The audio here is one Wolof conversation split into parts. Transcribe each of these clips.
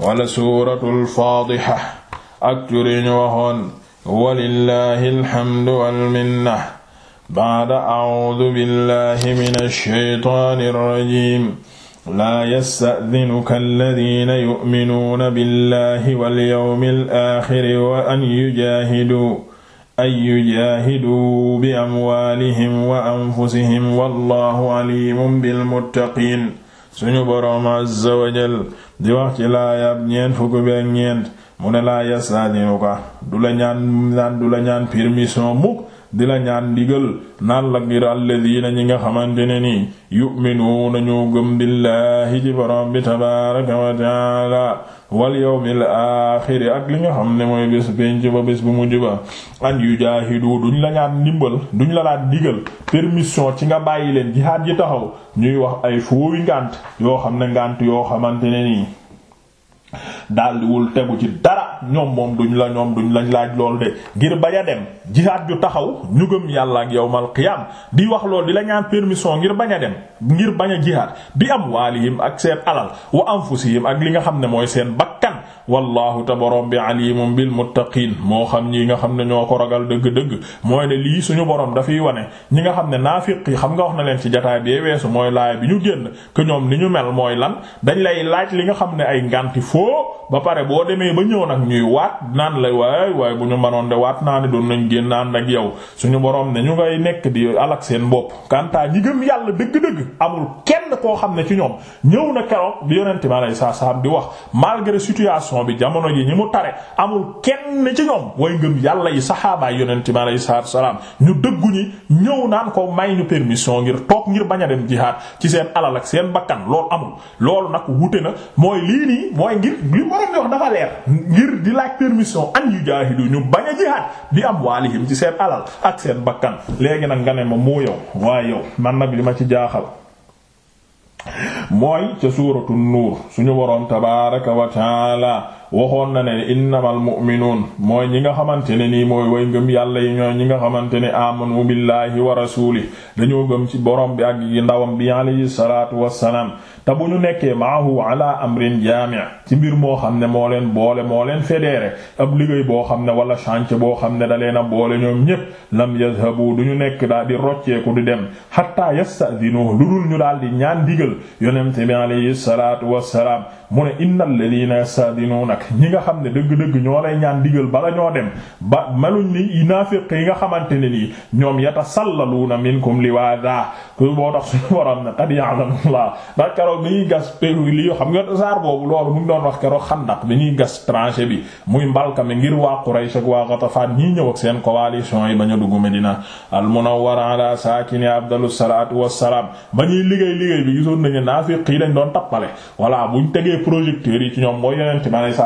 wala suuratul faadiha ak turi ñu waxoon walillahi alhamdu wal minna ba'da a'uudu billahi minash shaytaanir rajiim laa yasta'dinuka alladhiina yu'minuuna billahi wal yawmil aaxiri wa an yujaahidu an yujaahidu bi amwaalihim wa anfusihim wallaahu aliimun bil muttaqiin suñu boroom azza wa jal di wax ci laayab ñeent fukk bi ak ñeent mu ne laa yastadinuka du la ñaan naan du la ñaan permission mukk di la ñaan ndigal naan la ngir na ñi nga xamante ne nii na ñu gëm billahi ci borom bi tabaraka wa taala wal yawmil aaxiri ak li nga xam ne mooy bés penc bu mujj ba an yu jaahidu duñ la ñaan ndimbal duñ la laat digal permission ci nga bàyyi leen jihaad ji taxaw ñuy wax ay foowi ngànt yoo xam ne ngànt yoo xamante ne nii daal di wul tegu ci dara ñoom moom duñ la ñoom duñ lañ laaj lool de ngir bañ a dem jihaad ju taxaw ñu gëm yàlla ak yawmal qiyaam di wax lool di la ñaan permission ngir bañ a dem ngir bañ a jihaad bi amwaalihim ak seen alal wa anfusihim ak li nga xam ne mooy seen bakkan wallahu te borom bi alimun bil muttaqin moo xam ñi nga xam ne ñoo ko ragal dëgg-dëgg mooy ne lii suñu borom dafiy wane ñi nga xam ne naafiq yi xam nga wax na leen ci jotaay bi weesu mooy laay bi ñu génn que ñoom ni ñu mel mooy lan dañ lay laaj li nga xam ne ay nganti foo ba pare boo demee ba ñëw nag ñuy waat naan lay waay waaye bu ñu manoon de waat naa ne doon nañ génn naan nag yow suñu borom ne ñu ngay nekk di alak seen bopp kanta ñi gëm yàlla dëgg-dëgg amul kenn koo xam ne ci ñoom ñëw na keroog bi yonente sa sam génération bi jamono ji ñi mu tare amul kenn ci ñoom way ngëm yàlla yi saxaabaay yonent mi alayhi salaatu salaam ñu dëggu ñëw naan ko may ñu permission ngir toog ngir bañ a dem jihaad ci seen alal ak seen bakkan loolu amul loolu nag wute na mooy lii nii mooy ngir li waroon wax dafa leer ngir di laaj permission an yu jaahidu ñu bañ a jihaad bi am waalihim ci seen alal ak seen bakkan léegi nag nga ne ma moo yow waaye yow man nag li ma ci jaaxal mooy ca suuratu nuur suñu boroom tabaaraka wa taala waxoon na ne innamal mu'minuun mooy ñi nga xamante ne nii mooy way ngëm yàlla yi ñooy ñi xamante ne amanu billaahi wa rasuuli dañoo gëm ci borom bi ak yi ndawam bi alayhi salaatu wassalaam te bu ñu nekkee maahu ala amrin jaami' ci mbir moo xam ne moo leen boole moo leen fédéré ab liggéey boo xam ne wala chantier boo xam ne da leen a boole ñoom ñépp lam yazhabu du ñu nekk daal di rocceeku di dem hatta yasta'dinu lu dul ñu daal di ñaan digal yonente bi alayhi salaatu wassalaam mu ne innal ladina yasta'dinuna nag ñi nga xam ne dëgg-dëgg ñoo lay ñaan digal bala ñoo dem ba meluñ ni naafiq yi nga xamante ne nii na yatasallaluuna minkum liwaada boo tax suñu borom na qad ya'lamullah ndax keroog bi ñuy gas péru li xam nga saar boobu loolu mu ngi doon wax keroog xandak bi ñuy gas tranchée bi muy mbalka mi ngir waa Quraysh ak waa Ghatafaan ñii ñëw ak seen coalition yi bañ a dugg Medina al munawwara ala saakini afdalu salaatu wassalaam ba ñuy liggéey liggéey bi gisoon nañu naafiq yi dañ doon tappale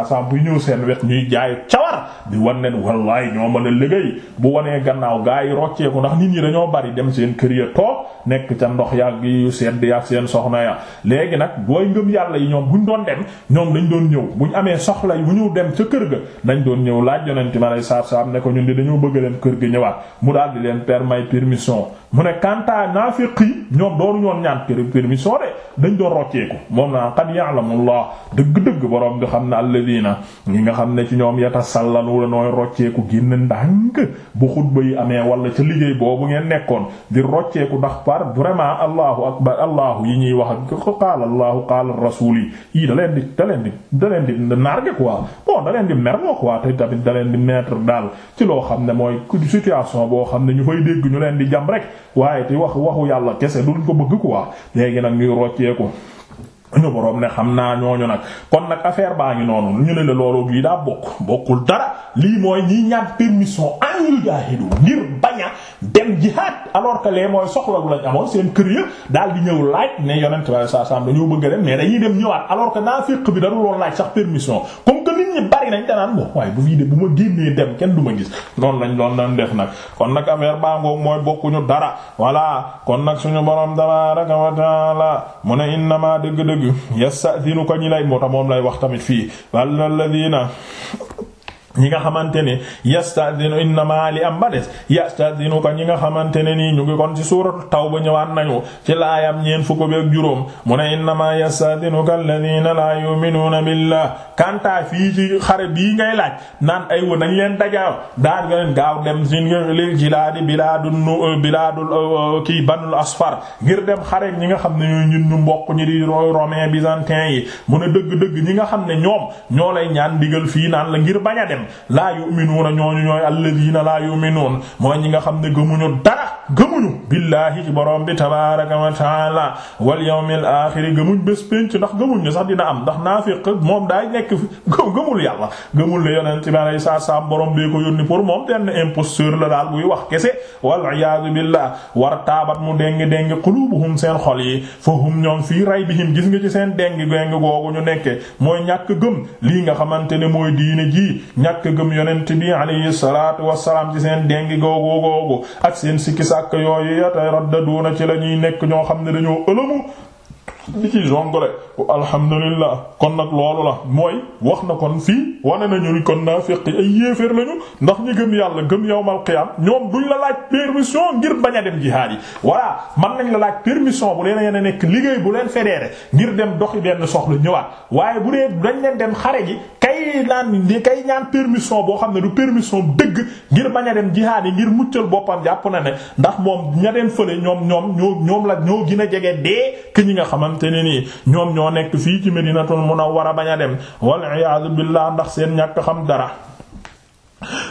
saam bu ñëw seen wet ñuy jaayu cawar di wan leen wallaay ñoo mën a liggéey bu wanee gannaaw gaa yi rocceeku ndax nit ñi dañoo bari dem seen kër ya toog nekk ca ndox yàgg yu sedd yàgg seen soxna ya léegi nag booy ngëm yàlla yi ñoom buñ doon dem ñoom dañ doon ñëw buñ amee soxla bu ñu dem ca kër ga dañ doon ñëw laaj yonente ma lay saab saab ne ko ñun di dañoo bëgg leen kër gi ñëwaat mu daal di leen permis permission mu ne kantaa naafiq yi ñoom doonu ñoon ñaan permission de dañ doon rocceeku moom naa qad ya'lamullah dëgg-dëgg boroom nga xam ne alladina ñi nga xam ne ci ñoom yatasallalu la nooy rocceeku génn ndànk bu xutba yi amee wala ca liggéey boobu ngeen nekkoon di rocceeku ndax par vraiment allahu akbar allahu yi ñuy wax ak qaala allahu qaala rasul yi yii da leen di da leen di da leen di narge quoi bon da leen di merloo quoi te tamit da di mettre daal ci loo xam ne mooy situation boo xam ne ñu fay dégg ñu leen di jam rek waaye di wax waxu yàlla kese duñ ko bëgg quoi léegi nag ñuy rocceeku. ñu boroom ne xam naa ñooñu nag kon nag affaire baa ngi noonu ñu ne la loolu lii daa bokk bokkul dara lii mooy ñiy ñaan permission an yu jaahidu ngir baña dem jihad alors que lee mooy soxla bu lañ amoon seen kër ya daal di ñëw laaj ne yonent bi sallallahu alayhi wasallam dañoo bëgg a dem mais dañuy dem ñëwaat alors que naa féq bi dañu loon laaj sax permission ñi bari nañ danaan moom waaye bu fii de bu ma génnee dem kenn du ma gis noonu lañ doon nan def nag kon nag affaire bangoog mooy bokkuñu dara voilà kon nag suñu borom tabaraka wa taala mu ne innama dëgg-dëgg yasta'dhinuka ñi lay moo tax moom lay wax tamit fii wal ladina ñi nga xamante ne yastadinu innama li am ba des yastadinu ko ñi nga xamante ne nii ñu ngi kon ci suuratu tawba ñëwaat nañu ci laayam ñeen fukk beek juróom mu ne innama yastadinuka alladina la yu'minuna billah kantaa fii ci xare bii ngay laaj naan ay wa nañ leen dajaaw daal nga leen gaaw dem sin lil jilaadi euh, bilaadul nu euh, bilaadul euh, kii banul asfar ngir dem xare ñi nga xam ne ñun ñu mbokk ñi di romain byzantin yi mu a dëgg-dëgg ñi nga xam ne ñoom ñoo lay ñaan digal fii naan la ngir bañ a dem ñooñu laa yu'minuuna ñooñu ñooy alladiina laa yu'minuun mooy ñi nga xam ne gëmuñu dara gëmuñu billaahi ci bi tabaaraka wa taala wal yawmil aaxiri gëmuñ bés pénc ndax gëmuñ ne sax dina am ndax naafiq moom daay nekk gëmul yàlla gëmul ne yonent bi alayhi salaatu salaam borom bee ko yónni pour moom benn imposteur la daal buy wax kese wal iyaadu billaah war taabat mu déngi déngi quluubuhum seen xol yi fa hum ñoom fii raybihim gis nga ci seen déngi déngi googu ñu nekke mooy ñàkk gëm ñàkk gëm yonent bi alayhi salaatu wassalaam ci seen déngi googu googu ak seen sikki sàkk yooyu yata raddaduuna ci la ñuy nekk ñoo xam ne dañoo ëlëmu di ci jongole alhamdulillah kon nag loolu la mooy wax na kon fii wane nañu ni kon naafiq yi ay yéeféer lañu ndax ñi gëm yàlla gëm yawmal qiyaam ñoom duñ la laaj permission ngir bañ a dem jihaad yi voilà man nañ laaj permission bu leen yéen a nekk liggéey bu leen fédéré ngir dem doxi benn soxla ñëwaat waaye bu dee dañ leen dem xare ji kay naan di kay ñaan permission boo xam ne du permission dëgg ngir bañ a dem jihaad yi ngir muccal boppam jàpp na ne ndax moom ña dem ñoom ñoom ñoo ñoom la ñoo gën a jege dee ki ñi nga xamante xamante ne nii ñoom ñoo nekk fii ci war a bañ a dem wal iyaadu billah ndax seen ñàkk xam dara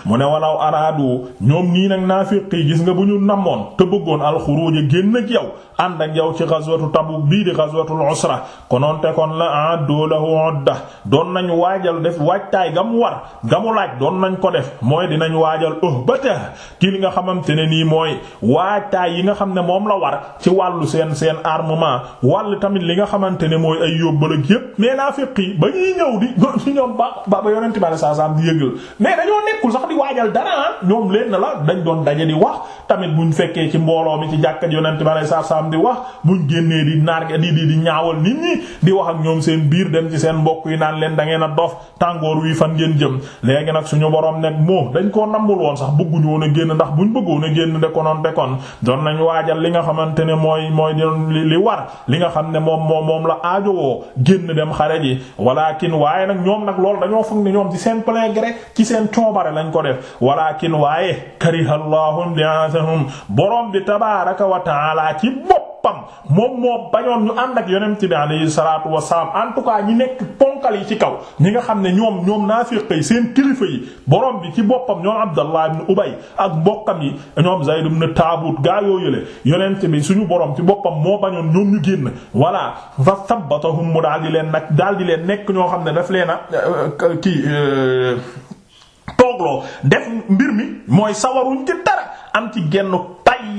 mu ne walaw araadu ñoom nii nag naa yi gis nga bu ñu namoon te bëggoon alxuruuj génn ak yow ànd ak yow ci ghazwatu Tabuk bii di ghazwatul usra konoon te kon la a'addu lahu udda doon nañu waajal def waajtaay gam war gamu laaj doon nañ ko def mooy dinañ waajal uhbata kii li nga xamante ne nii mooy waajtaay yi nga xam ne moom la war ci wàllu seen seen armement wàll tamit li nga xamante ne mooy ay yóbbal ak yépp mais naafiq yi ba ñuy ñëw di ñoom ba ba yonent bi sallallahu nekkul sax di waajal dara ah. ñoom leen na la dañ doon daje di wax tamit buñ fekkee ci mbooloo mi ci jàkkat yonent bi alayhi salaam di wax buñ génnee di naar di di di ñaawal nit ñi di wax ak ñoom seen biir dem ci seen mbokk yi naan leen da ngeen a dof tàngoor wi fan ngeen jëm léegi nag suñu borom nekk moom dañ koo nambul woon sax bëgguñu woon a génn ndax buñ bëggoon a génn de konoon de kon doon nañ waajal li nga xamante ne mooy mooy li war li nga xam ne moom moom moom la aajowoo génn dem xare ji walakin waaye nag ne ñoom ci seen lañ ko def walakin waaye karihallahum bi'athahum borom bi tabaaraka wa ta'ala ci boppam moom moo bañoon ñu ànd ak yonent bi alayhi salaatu wassalaam en tout cas ñi nekk ponkal yi ci kaw ñi nga xam ne ñoom ñoom naafiq yi seen kilifa yi borom bi ci boppam ñoom Abdallah ibn Ubay ak mbokkam yi ñoom Zayd ibn Taabut gaa yoo yële yonent bi suñu borom ci boppam moo bañoon ñoom ñu génn voilà fa sabbatahum mu daal di leen nag daal nekk ñoo xam ne daf leen a euh, kii euh, toogloo def mbir mi mooy sawaruñ ci dara am ci genn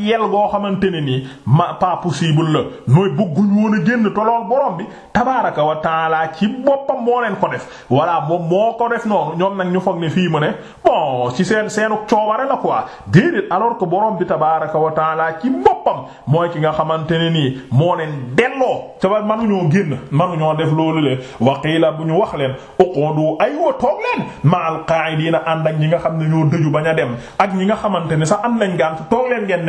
yel goo xamante ne nii ma pas possible la nooy bëgguñu woon a génn tolool borom bi tabaaraka wa taala ci boppam moo leen ko def voilà moom moo ko def noonu ñoom nag ñu foog ne fii mu ne bon ci seen seenu coobare la quoi déedéet alors que borom bi tabaaraka wa taala ci boppam mooy ki nga xamante ne nii moo leen delloo ca ba mënuñoo génn mënuñoo def loolu le waqiila bu ñu wax leen uqudu aywa toog leen ma'al qa'idiina ànd ak ñi nga xam ne ñoo dëju bañ a dem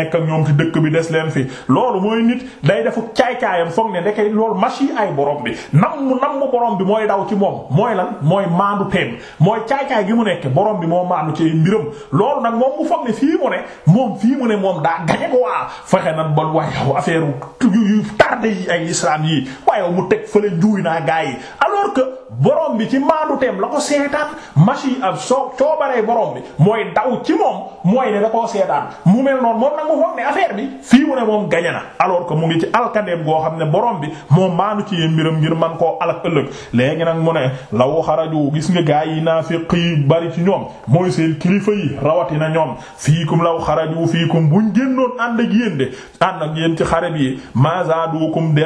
nekk ñoom ci dëkk bi des leen fi loolu mooy nit day defu caay-caayam foog ne ndeke loolu machi ay borom bi nam mu nam mu borom bi mooy daw ci moom mooy lan mooy maandu teem mooy caay-caay gi mu nekk boroom bi moo maandu ci mbiram loolu nag moom mu foog ne fii mu ne moom fii mu ne moom daa gañe ko waa fexe nan bal waaye yow affaire yu tardé yi ay islam yi waaye mu teg fële njuuy naa gaa yi alors que borom bi ci maandu teem la ko seetaan machi ab soo coobaree borom bi mooy daw ci moom mooy ne da koo seetaan mu mel noonu moom nag mu foog bi fii mu moom gañe na alors que mu ngi ci alkandeem goo xam ne borom bi moom maandu ci yee mbiram ngir man koo alak ëllëg léegi nag mu law xaraju gis nga gaa yi naafiq yi bari ci ñoom mooy seen kilifa yi rawatina ñoom fiikum law xaraju fiikum buñ génnoon ànd ak yéen de ànd ak yéen ci xare bi ma zaadukum de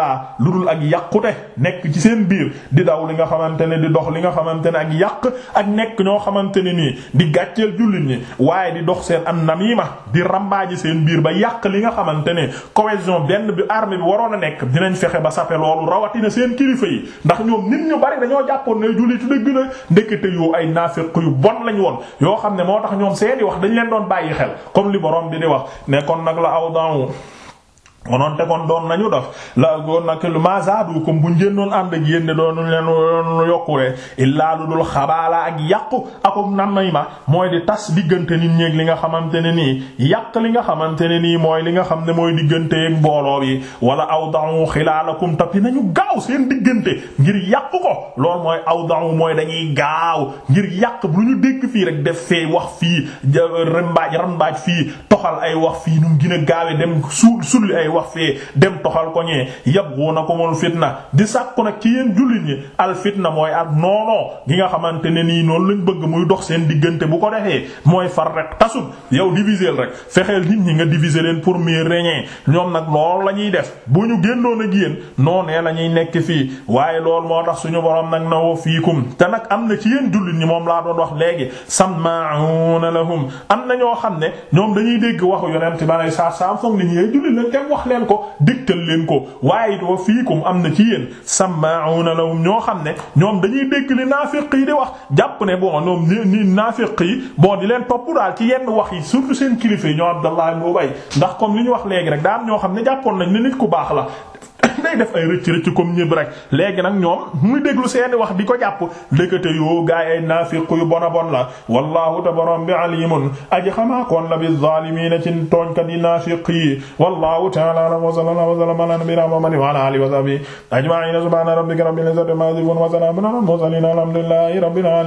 voilà lu dul ak yàqute nekk ci seen biir di daw li nga xamante ne di dox li nga xamante ne ak yàq ak nekk ñoo xamante ne nii di gàcceel jullit ñi waaye di dox seen an namima di rambaaji seen biir ba yàq li nga xamante ne cohésion benn bi armée bi waroon a nekk dinañ fexe ba sape loolu rawatina seen kilifa yi ndax ñoom nit ñu bari dañoo jàppoon ne jullit dëgg na ndekete yoo ay naafiq yu bon lañ woon yoo xam ne moo tax ñoom seeni wax dañ leen doon bàyyi xel comme li borom bi wax ne kon nag la aw daaw konoonte kon doon nañu def la goon nag lu ma zaadukum buñ génnoon ànd ak yéen doon leen doon yokkure illaa lu dul xabaala ak yàqu ako nan nay ma mooy di tas diggante nit ñeeg li nga xamante ne nii yàq li nga xamante ne nii mooy li nga xam ne mooy diggante mbooloo bi wala awda'u xilaalakum tapi nañu gaaw seen diggante ngir yàq ko loolu mooy awda'u mooy dañuy gaaw ngir yàq lu ñu dégg fii rek def fee wax fii rambaaj rambaaj fii toxal ay wax fii nu gën a gaawe dem suul ay wax wax fee dem toxal ko ñee yabghunakumul fitna di sàkku nag ci yéen jullit ñi al fitna mooy ak noonoo gi nga xamante ne nii noonu lañ bëgg muy dox seen diggante bu ko defee mooy far rek tasut yow diviser rek fexeel nit ñi nga diviser leen pour mieux régner ñoom nag loolu la ñuy def bu ñu génnoon ak yéen noonee la ñuy nekk fii waaye lool moo tax suñu borom nag na wa fiikum te nag am na ci yéen jullit ñi moom laa doon wax léegi sammaa'una lahum am na ñoo ne ñoom dañuy dégg waxu leen ko digtal leen ko waaye it fii fiikum am na ci yéen sammaa'una lahum ñoo xam ne ñoom dañuy dégg li naafiq yi di wax jàpp ne bon ñoom ni naafiq yi boo di leen topp daal ci yenn wax yi surtout seen kilifa yi ñoo Abdallah ibn Ubay ndax comme li ñu wax léegi rek daa am ñoo xam ne jàppoon nañ ne nit ku baax la day def ay rëcc rëcc comme ñëpp rek léegi nag ñoom muy déglu seeni wax di ko jàpp dëkkate yoo gaa yi ay naafiq yu bona bon la wallahu te borom bi alimun aji xamaakoon la bi zaalimiina ci tooñkat yi naafiq yi wallahu ta'ala a'lam wa sallallahu wa sallama ala nabiyyina muhammadin wa ala alihi wa sahbihi ajma'in subhana rabbika rabbil izzati amma yasifun wa salamun ala al mursalin alhamdulillahi rabbil alamin